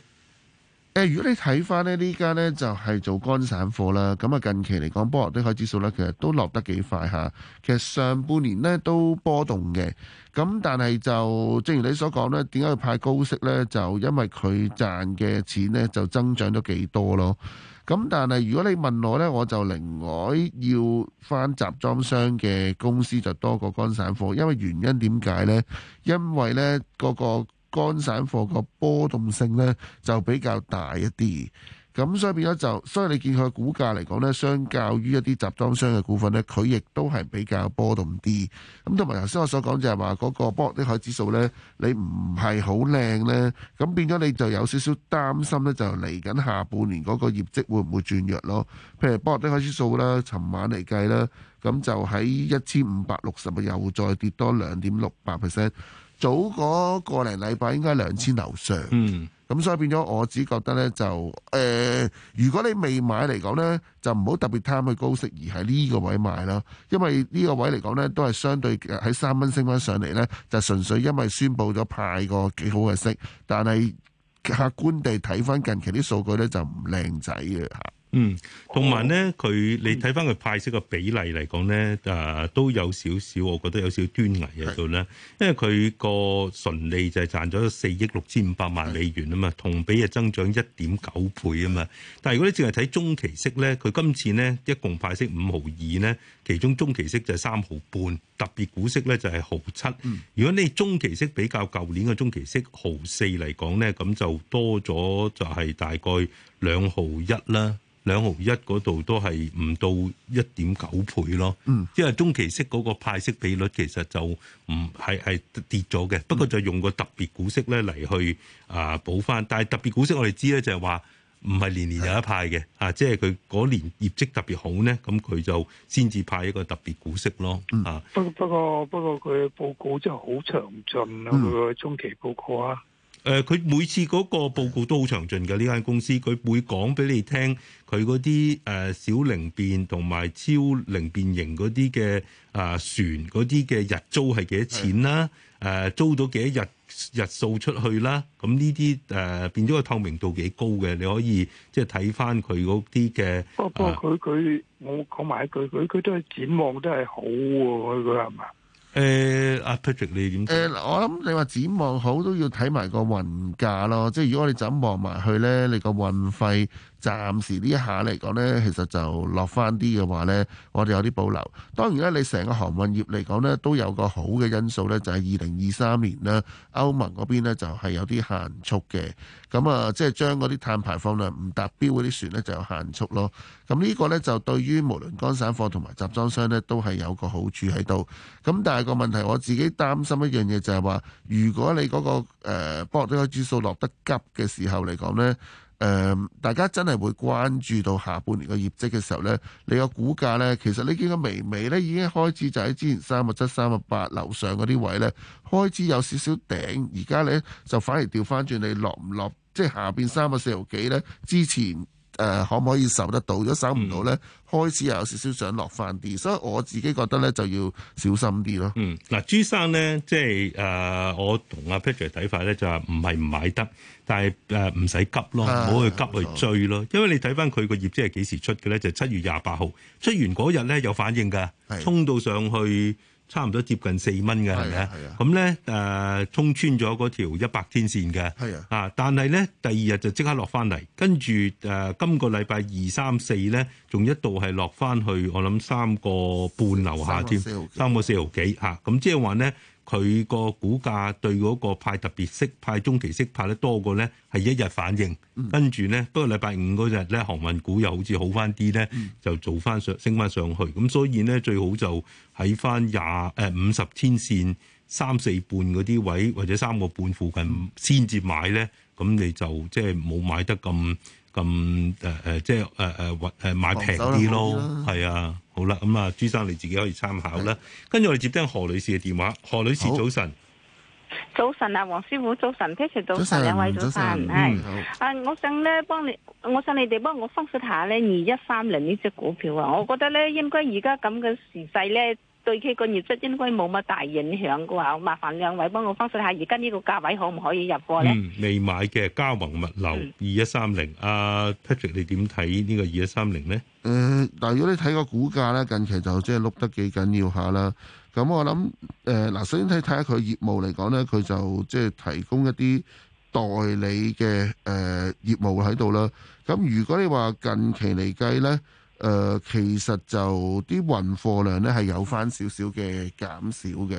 Speaker 2: 誒，如果你睇翻咧呢家呢，就係做乾散貨啦。咁啊，近期嚟講，波羅的海指數咧，其實都落得幾快吓。其實上半年呢，都波動嘅，咁但係就正如你所講咧，點解要派高息咧？就因為佢賺嘅錢咧就增長咗幾多咯。咁但係如果你問我呢，我就另外要返集裝箱嘅公司就多過乾散貨，因為原因點解呢？因為呢個個乾散貨個波動性呢，就比較大一啲。咁所以變咗就，所以你見佢股價嚟講咧，相較於一啲集裝箱嘅股份咧，佢亦都係比較波動啲。咁同埋頭先我所講就係話嗰個波的海指數咧，你唔係好靚咧，咁變咗你就有少少擔心咧，就嚟緊下，下半年嗰個業績會唔會轉弱咯？譬如波的海指數啦，尋晚嚟計啦，咁就喺一千五百六十，又再跌多兩點六八 percent。早嗰個零禮拜應該兩千樓上。嗯。咁所以變咗，我只覺得呢，就誒、呃，如果你未買嚟講呢，就唔好特別貪佢高息，而喺呢個位買啦。因為呢個位嚟講呢，都係相對喺三蚊升翻上嚟呢，就純粹因為宣佈咗派個幾好嘅息，但係客觀地睇翻近期啲數據呢，就唔靚仔嘅嚇。嗯，同埋咧，
Speaker 1: 佢、哦、你睇翻佢派息嘅比例嚟講咧，都有少少，我覺得有少少端倪喺度啦。因為佢個純利就係賺咗四億六千五百萬美元啊嘛，同比啊增長一點九倍啊嘛。但如果你淨係睇中期息咧，佢今次呢一共派息五毫二咧，其中中期息就係三毫半，特別股息咧就係毫七。如果你中期息比較舊年嘅中期息毫四嚟講咧，咁就多咗就係大概兩毫一啦。兩毫一嗰度都係唔到一點九倍咯、嗯，因為中期息嗰個派息比率其實就唔係跌咗嘅，不過就用個特別股息咧嚟去啊補翻。但係特別股息我哋知咧就係話唔係年年有一派嘅、嗯、啊，即係佢嗰年業績特別好呢，咁佢就先至派一個特別股息咯啊。不過不過不過佢報告真係好詳盡啊，佢、嗯、中期報告啊。誒佢每次嗰個報告都好詳盡嘅呢間公司，佢會講俾你聽佢嗰啲誒小靈便同埋超靈便型嗰啲嘅啊船嗰啲嘅日租係幾多錢啦，誒租到幾多日日數出去啦，咁呢啲誒變咗個透明度幾高嘅，你可以即係睇返佢嗰啲嘅。
Speaker 2: 不過佢佢
Speaker 1: 我講埋一句，佢佢都係展望都係好喎、啊，佢佢係
Speaker 2: 誒阿 Patrick 你點？誒、呃、我諗你話展望好都要睇埋個運價咯，即係如果你哋就咁望埋去咧，你個運費。暫時呢下嚟講呢，其實就落翻啲嘅話呢，我哋有啲保留。當然啦，你成個航運業嚟講呢，都有個好嘅因素呢，就係二零二三年啦。歐盟嗰邊呢就係有啲限速嘅，咁、嗯、啊，即係將嗰啲碳排放量唔達標嗰啲船呢，就有限速咯。咁、嗯、呢、這個呢，就對於無論乾散貨同埋集裝箱呢，都係有個好處喺度。咁、嗯、但係個問題，我自己擔心一樣嘢就係、是、話，如果你嗰、那個誒波羅的海指數落得急嘅時候嚟講呢。嗯、大家真係會關注到下半年個業績嘅時候呢，你個股價呢，其實呢幾個微微呢已經開始就喺之前三百七、三百八樓上嗰啲位呢，開始有少少頂，而家呢，就反而掉翻轉，你落唔落？即係下面三百四毫幾呢，之前。誒、呃、可唔可以受得到？如果受唔到咧，開始又有少少想落翻啲，所以我自己覺得咧就要小心啲咯。嗯，嗱、啊，朱
Speaker 1: 生咧，即係誒、呃，我同阿 Patrick 睇法咧，就話唔係唔買得，但係誒唔使急咯，唔好去急去追咯，因為你睇翻佢個業績係幾時出嘅咧，就七、是、月廿八號出完嗰日咧有反應㗎，衝到上去。差唔多接近四蚊嘅，係咪？係啊，咁咧誒，衝穿咗嗰條一百天線嘅，係啊！但係咧，第二日就即刻落翻嚟，跟住誒，今個禮拜二、三、四咧，仲一度係落翻去，我諗三個半樓下添，三個四毫幾嚇，咁即係話咧。啊嗯就是佢個股價對嗰個派特別息、派中期息派咧多過咧，係一日反應。跟住咧，不過禮拜五嗰日咧，航運股又好似好翻啲咧，就做翻上升翻上去。咁、嗯、所以咧，最好就喺翻廿誒五十天線三四半嗰啲位，或者三個半附近先至買咧。咁、嗯、你就即係冇買得咁。咁誒誒，即係誒誒，揾、呃、誒、呃、買平啲咯，係啊、嗯、啊，好啦，咁、嗯、啊，朱生你自己可以參考啦。跟住我哋接聽何女士嘅電話，何女士早晨，早晨啊，黃師傅早晨，清晨早晨，兩位早晨，係、嗯、啊，我想咧幫你，我想你哋幫我分析下咧二一三零呢隻股票啊，我覺得咧應該而家咁嘅時勢咧。對佢個業績應該冇乜大影響嘅話，我麻煩兩位幫我分析下而家呢個價位可唔可以入貨咧？未買嘅嘉宏物流二一三零，阿 Patrick，你點睇呢個二一三零咧？
Speaker 2: 誒，嗱，如果你睇個股價咧，近期就即係碌得幾緊要下啦。咁我諗誒，嗱，首先睇睇下佢業務嚟講咧，佢就即係提供一啲代理嘅誒業務喺度啦。咁如果你話近期嚟計咧？誒、呃，其實就啲運貨量呢係有翻少少嘅減少嘅。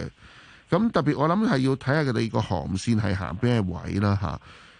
Speaker 2: 咁特別我，我諗係要睇下佢哋個航線係行咩位啦吓。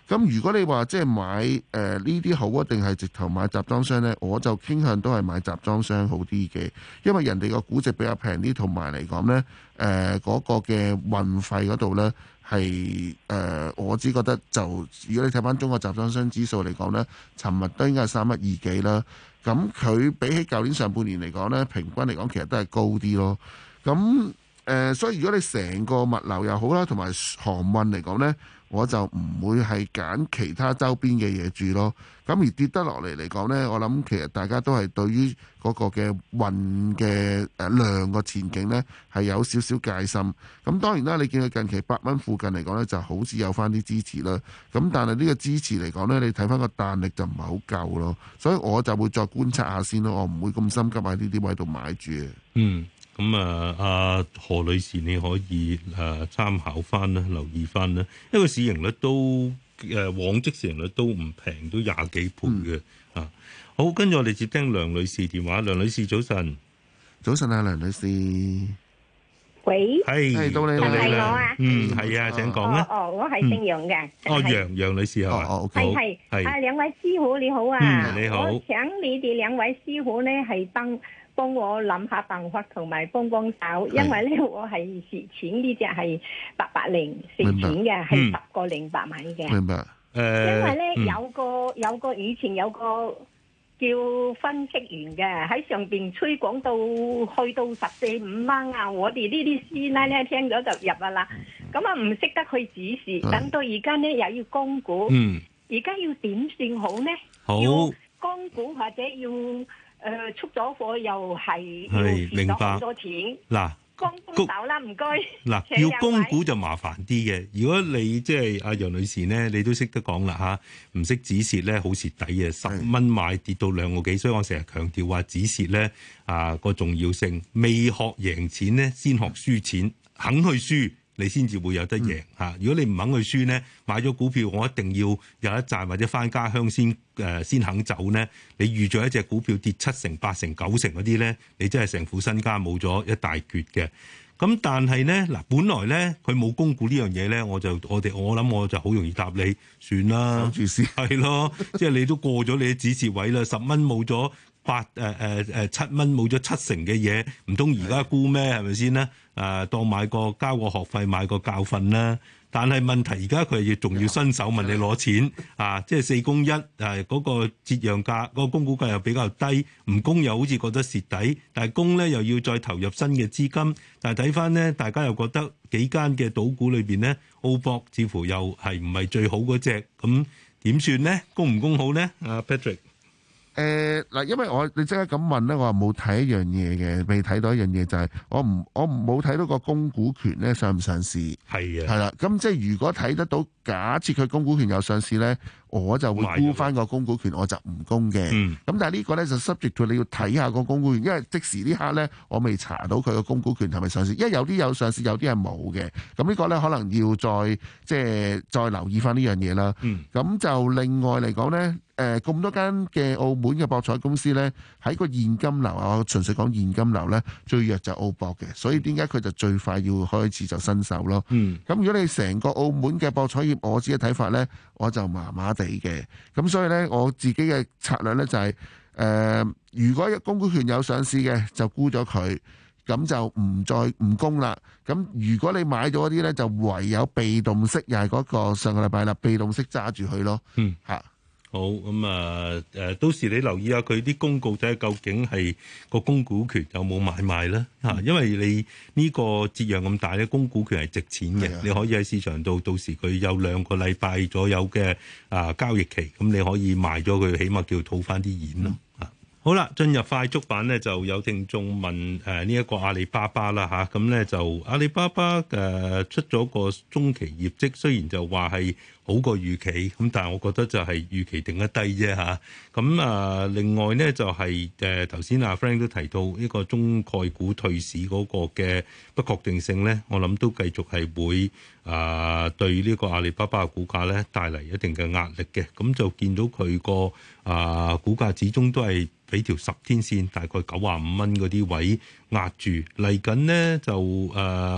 Speaker 2: 咁如果你話即係買誒呢啲好，定係直頭買集裝箱呢，我就傾向都係買集裝箱好啲嘅，因為人哋個估值比較平啲，同埋嚟講呢，誒、呃、嗰、那個嘅運費嗰度呢，係誒、呃，我只覺得就如果你睇翻中國集裝箱指數嚟講呢，尋日都應該係三一二幾啦。咁佢比起舊年上半年嚟講呢，平均嚟講其實都係高啲咯。咁誒、呃，所以如果你成個物流又好啦，同埋航運嚟講呢。我就唔會係揀其他周邊嘅嘢住咯。咁而跌得落嚟嚟講呢，我諗其實大家都係對於嗰個嘅運嘅誒量個前景呢係有少少戒心。咁當然啦，你見佢近期八蚊附近嚟講呢，就好似有翻啲支持啦。咁但係呢個支持嚟講呢，你睇翻個彈力就唔係好夠咯。所以我就會再觀察一下先咯。我唔會咁心急喺呢啲位度買住。嗯。
Speaker 1: 咁、嗯、啊，阿何女士，你可以啊參考翻啦，留意翻啦，因為市盈率都誒、啊、往績市盈率都唔平，都廿幾倍嘅、嗯、啊。好，跟住我哋接聽梁女士電話。梁女士，早晨，早晨啊，梁女士，
Speaker 2: 喂，係、hey，
Speaker 1: 到你到你啦、啊，嗯，係啊，啊，請講啊。哦，哦
Speaker 2: 我係姓楊嘅，哦，楊
Speaker 1: 楊女士係嘛？係
Speaker 2: 係係。啊，
Speaker 1: 兩位師傅你好啊、嗯，你好。我請你哋兩位師傅呢，係登。幫我諗下辦法同埋幫幫手，因為咧我係蝕錢呢隻係八百零四錢嘅，係十個零八萬嘅。明白，誒，因為咧有個有個以前有個叫分析員嘅喺上邊吹廣到去到十四五蚊啊，我哋呢啲師奶咧聽咗就入啊啦，咁啊唔識得去指示，等到而家咧又要供股，嗯，
Speaker 2: 而家要點算好呢？好，供股或者要。誒出咗貨又係要蝕咗好多錢嗱，沽手啦唔該嗱，要公股
Speaker 1: 就麻煩啲嘅。如果你即係阿楊女士呢，你都識得講啦嚇，唔、啊、識止蝕咧，好蝕底嘅，十蚊買跌到兩個幾，所以我成日強調話止蝕咧啊個重要性。未學贏錢呢，先學輸錢，肯去輸。你先至會有得贏。如果你唔肯去輸呢，買咗股票我一定要有一賺或者翻家鄉先先、呃、肯走呢。你預咗一隻股票跌七成、八成、九成嗰啲呢，你真係成副身家冇咗一大橛嘅。咁但係呢，嗱，本來呢，佢冇供股呢樣嘢呢，我就我哋我諗我就好容易答你算啦，係咯，即係 *laughs* 你都過咗你嘅止蝕位啦，十蚊冇咗八、呃呃、七蚊冇咗七成嘅嘢，唔通而家估咩係咪先呢？誒、啊、當買個交個學費買個教訓啦，但係問題而家佢要仲要伸手問你攞錢啊，即係四公一誒嗰、啊嗰個折讓價，嗰個供股價又比較低，唔供又好似覺得蝕底，但係供呢又要再投入新嘅資金，但係睇返呢，大家又覺得幾間嘅賭股裏邊呢，澳博，似乎又係唔係最好嗰隻咁點算呢？供唔供好呢？阿、uh, Patrick。
Speaker 2: 誒嗱，因為我你即刻咁問咧，我冇睇一樣嘢嘅，未睇到一樣嘢就係、是、我唔我唔冇睇到個公股權咧上唔上市，係嘅，係啦。咁即係如果睇得到，假設佢公股權有上市咧。我就會沽翻個供股權，我就唔供嘅。咁但係呢個咧就 subject to，你要睇下個供股權，因為即時呢刻咧，我未查到佢個供股權係咪上市，因為有啲有上市，有啲係冇嘅。咁呢個咧可能要再即係再留意翻呢樣嘢啦。咁就另外嚟講咧，誒咁多間嘅澳門嘅博彩公司咧，喺個現金流啊，我純粹講現金流咧，最弱就澳博嘅，所以點解佢就最快要開始就伸手咯。咁如果你成個澳門嘅博彩業，我自己睇法咧，我就麻麻地嘅，咁所以呢，我自己嘅策略呢，就是，就係，誒，如果一公股權有上市嘅，就沽咗佢，咁就唔再唔供啦。咁如果你買咗一啲呢，就唯有被動式，又係嗰個上個禮拜啦，被動式揸住佢咯，
Speaker 1: 嗯，吓。好咁啊！誒，到時你留意下佢啲公告睇下，看看究竟係個供股權有冇買賣咧、嗯、因為你呢個折讓咁大咧，供股權係值錢嘅、嗯，你可以喺市場度到時佢有兩個禮拜左右嘅啊交易期，咁你可以賣咗佢，起碼叫套翻啲錢咯。好啦，進入快速版呢，就有聽眾問誒呢一個阿里巴巴啦嚇，咁、啊、咧就阿里巴巴出咗個中期業績，雖然就話係。好過預期，咁但係我覺得就係預期定得低啫嚇。咁啊，另外咧就係誒頭先阿 Frank 都提到呢個中概股退市嗰個嘅不確定性咧，我諗都繼續係會啊對呢個阿里巴巴嘅股價咧帶嚟一定嘅壓力嘅。咁就見到佢個啊股價始終都係俾條十天線大概九啊五蚊嗰啲位壓住。嚟緊咧就誒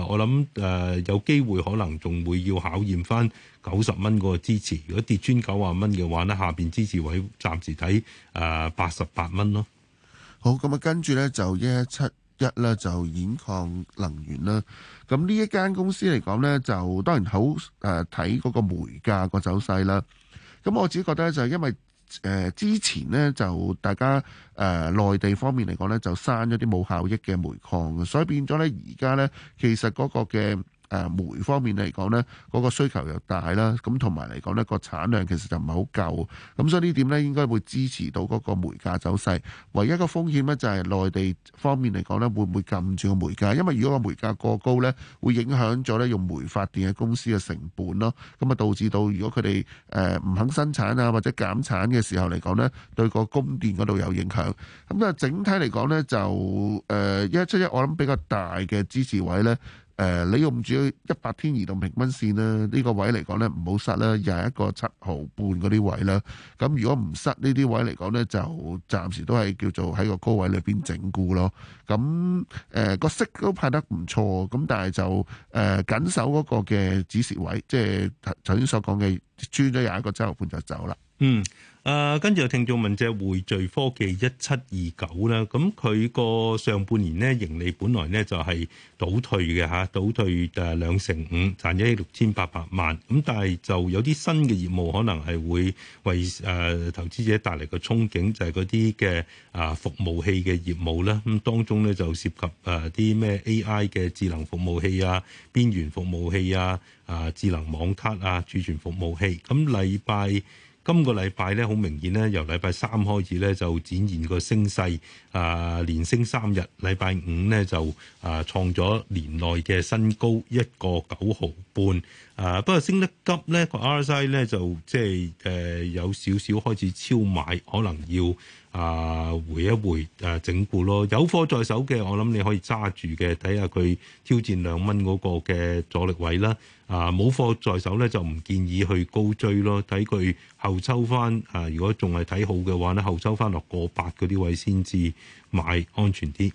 Speaker 1: 我諗誒有機會可能仲會要考驗返。九十蚊嗰個支持，如果跌穿九十蚊嘅話呢，下面支持位暫時睇八十八蚊咯。好，咁啊
Speaker 2: 跟住呢，就一七一咧就兗礦能源啦。咁呢一間公司嚟講呢，就當然好睇嗰個煤價個走勢啦。咁我自己覺得就因為之前呢，就大家誒、呃、內地方面嚟講呢，就刪咗啲冇效益嘅煤礦，所以變咗呢，而家呢，其實嗰個嘅。誒煤方面嚟講咧，嗰個需求又大啦，咁同埋嚟講咧，個產量其實就唔係好夠，咁所以呢點咧應該會支持到嗰個煤價走勢。唯一個風險咧就係內地方面嚟講咧，會唔會撳住個煤價？因為如果個煤價過高咧，會影響咗咧用煤發電嘅公司嘅成本咯。咁啊導致到如果佢哋誒唔肯生產啊或者減產嘅時候嚟講咧，對個供電嗰度有影響。咁啊整體嚟講咧就誒一七一，我諗比較大嘅支持位咧。誒、呃，你用住一百天移動平均線啦，呢、呢個位嚟講咧，唔好塞啦，又廿一個七毫半嗰啲位啦。咁如果唔塞呢啲位嚟講咧，就暫時都係叫做喺個高位裏邊整固咯。咁誒個息都派得唔錯，咁但係就誒、呃、緊守嗰個嘅止蝕位，即係頭先所講嘅，穿咗廿一個七毫半就走啦。嗯。
Speaker 1: 誒，跟住有聽眾問隻匯聚科技一七二九啦。咁佢個上半年呢盈利本來呢就係倒退嘅嚇，倒退誒兩成五，賺咗六千八百萬。咁但係就有啲新嘅業務可能係會為誒投資者帶嚟個憧憬，就係嗰啲嘅啊服務器嘅業務啦。咁當中呢就涉及誒啲咩 AI 嘅智能服務器啊、邊緣服務器啊、啊智能網卡啊、儲存服務器。咁禮拜。今個禮拜咧，好明顯咧，由禮拜三開始咧，就展現個升勢，啊，連升三日。禮拜五咧就啊，創咗年內嘅新高，一個九毫半。啊，不過升得急咧，個 RSI 咧就即係誒有少少開始超買，可能要。啊，回一回誒、啊、整固咯，有貨在手嘅，我諗你可以揸住嘅，睇下佢挑戰兩蚊嗰個嘅阻力位啦。啊，冇貨在手咧，就唔建議去高追咯。睇佢後抽翻啊，如果仲係睇好嘅話咧，後抽翻落過百嗰啲位先至買，
Speaker 2: 安全啲。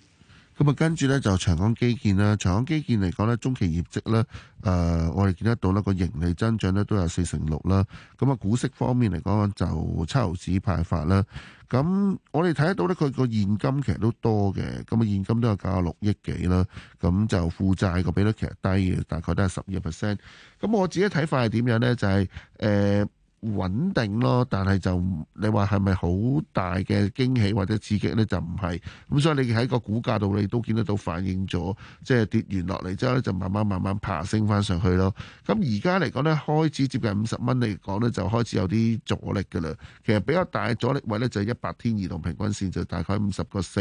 Speaker 2: 咁啊，跟住咧就長江基建啦，長江基建嚟講咧，中期業績咧，誒，我哋見得到咧，個盈利增長咧都有四成六啦。咁啊，股息方面嚟講啊，就七毫紙派發啦。咁我哋睇得到咧，佢個現金其實都多嘅，咁啊，現金都有九六億幾啦。咁就負債個比率其實低嘅，大概都係十二 percent。咁我自己嘅睇法係點樣咧？就係誒。穩定咯，但係就你話係咪好大嘅驚喜或者刺激呢？就唔係。咁所以你喺個股價度你都見得到反應咗，即係跌完落嚟之後呢，就慢慢慢慢爬升翻上去咯。咁而家嚟講呢，開始接近五十蚊嚟講呢，就開始有啲阻力噶啦。其實比較大的阻力位呢，就係一百天移動平均線，就大概五十個四。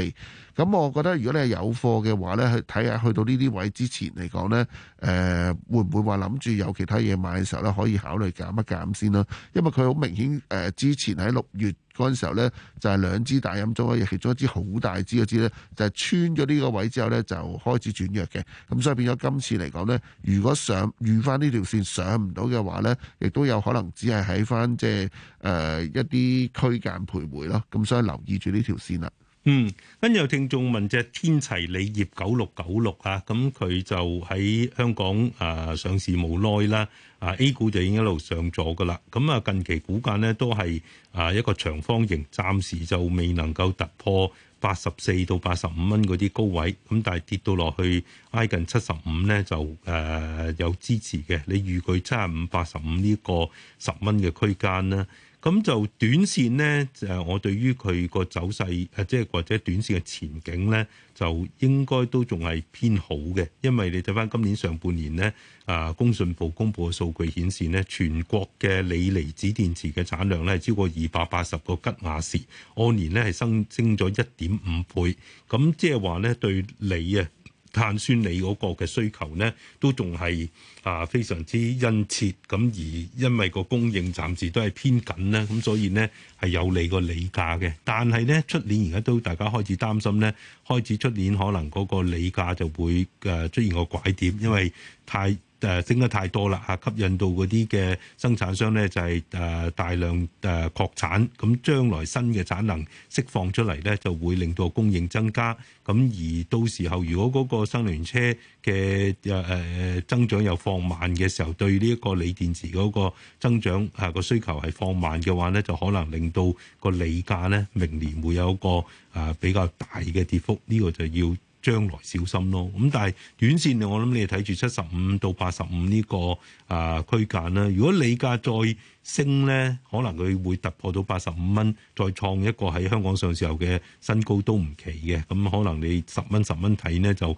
Speaker 2: 咁我覺得如果你係有貨嘅話呢，去睇下去到呢啲位之前嚟講呢，誒、呃、會唔會話諗住有其他嘢買嘅時候呢，可以考慮減一減先啦。因為佢好明顯，誒、呃、之前喺六月嗰陣時候呢，就係、是、兩支大陰中，其中一支好大支嗰支呢，就係、是、穿咗呢個位之後呢，就開始轉弱嘅。咁所以變咗今次嚟講呢，如果上遇翻呢條線上唔到嘅話呢，亦都有可能只係喺翻即係誒一啲區間徘徊咯。咁所以留意住呢條線啦。嗯，跟住有聽
Speaker 1: 眾問隻天齊鋰業九六九六啊，咁佢就喺香港啊、呃、上市冇耐啦，啊 A 股就已經一路上咗噶啦，咁啊近期股價呢都係啊一個長方形，暫時就未能夠突破八十四到八十五蚊嗰啲高位，咁但係跌到落去挨近七十五呢就、呃、有支持嘅，你預佢七十五八十五呢個十蚊嘅區間呢。咁就短線呢，我對於佢個走勢，誒即係或者短線嘅前景呢，就應該都仲係偏好嘅，因為你睇翻今年上半年呢，啊工信部公布嘅數據顯示呢全國嘅鋰離子電池嘅產量呢，超過二百八十個吉瓦時，按年呢係升升咗一點五倍，咁即係話呢，對鋰啊。碳酸鋰嗰個嘅需求呢都仲係啊非常之殷切，咁而因為個供應暫時都係偏緊咧，咁所以呢係有利個鋰價嘅。但係呢出年而家都大家開始擔心呢開始出年可能嗰個鋰價就會誒出現個拐點，因為太。誒升得太多啦，嚇吸引到嗰啲嘅生產商咧，就係誒大量誒擴產，咁將來新嘅產能釋放出嚟咧，就會令到供應增加。咁而到時候，如果嗰個新能源車嘅誒誒增長又放慢嘅時候，對呢一個鋰電池嗰個增長嚇個需求係放慢嘅話咧，就可能令到個鋰價咧明年會有一個啊比較大嘅跌幅。呢個就要。將來小心咯，咁但係短線我諗你睇住，七十五到八十五呢個啊區間啦。如果你價再升咧，可能佢會突破到八十五蚊，再創一個喺香港上市後嘅新高都唔奇嘅。咁可能你十蚊十蚊睇呢，就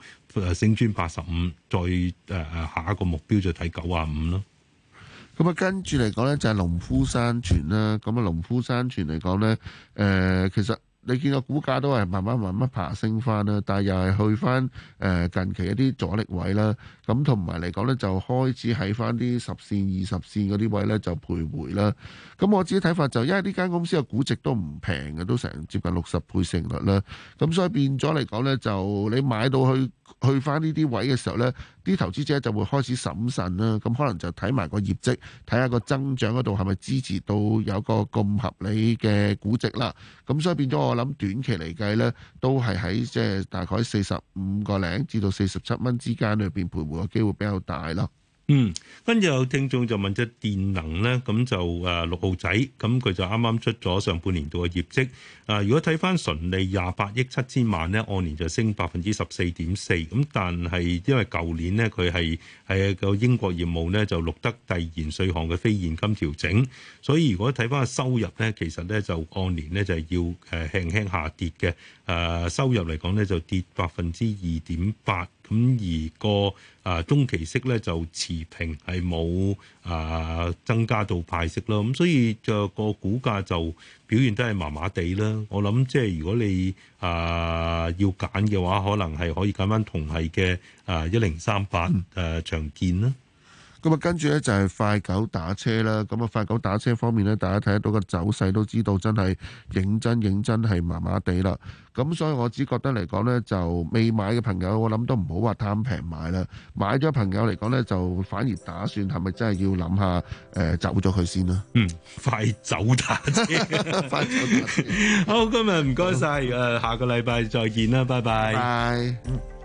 Speaker 1: 升穿八十五，再誒下一個
Speaker 2: 目標就睇九啊五咯。咁啊，跟住嚟講咧就係農夫山泉啦。咁啊，農夫山泉嚟講咧，誒、呃、其實。你見個股價都係慢慢慢慢爬升翻啦，但係又係去翻誒近期一啲阻力位啦，咁同埋嚟講咧就開始喺翻啲十線、二十線嗰啲位咧就徘徊啦。咁我自己睇法就因為呢間公司嘅估值都唔平嘅，都成接近六十倍市盈率啦，咁所以變咗嚟講咧就你買到去。去翻呢啲位嘅時候呢，啲投資者就會開始審慎啦。咁可能就睇埋個業績，睇下個增長嗰度係咪支持到有個咁合理嘅估值啦。咁所以變咗我諗短期嚟計呢，都係喺即係大概四十五個零至到四十七蚊之間裏面徘徊嘅機會比較大啦。
Speaker 1: 嗯，跟住有聽眾就問隻電能呢，咁就呃、六號仔，咁佢就啱啱出咗上半年度嘅業績。啊、呃，如果睇翻純利廿八億七千萬呢，按年就升百分之十四點四。咁但係因為舊年呢，佢係係個英國業務呢，就錄得遞延稅項嘅非現金調整，所以如果睇翻個收入呢，其實呢，就按年呢，就要誒、呃、輕輕下跌嘅、呃。收入嚟講呢，就跌百分之二點八。咁而個啊中期息咧就持平，係冇啊增加到派息啦。咁所以就個股價就表現都係麻麻地啦。我諗即係如果你啊要揀嘅話，可能係可以揀翻同係嘅啊一零三八誒長建啦。
Speaker 2: 咁啊，跟住咧就係快狗打車啦。咁啊，快狗打車方面咧，大家睇得到個走勢，都知道真係認真認真係麻麻地啦。咁所以我只覺得嚟講咧，就未買嘅朋友，我諗都唔好話貪平買啦。買咗朋友嚟講咧，就反而打算係咪真係要諗下誒、呃，走咗佢先啦。嗯，快走打車。 *laughs* *laughs* 快走打車。好，今日唔該晒。誒、嗯，下個禮拜再見啦，
Speaker 1: 拜拜。拜拜。嗯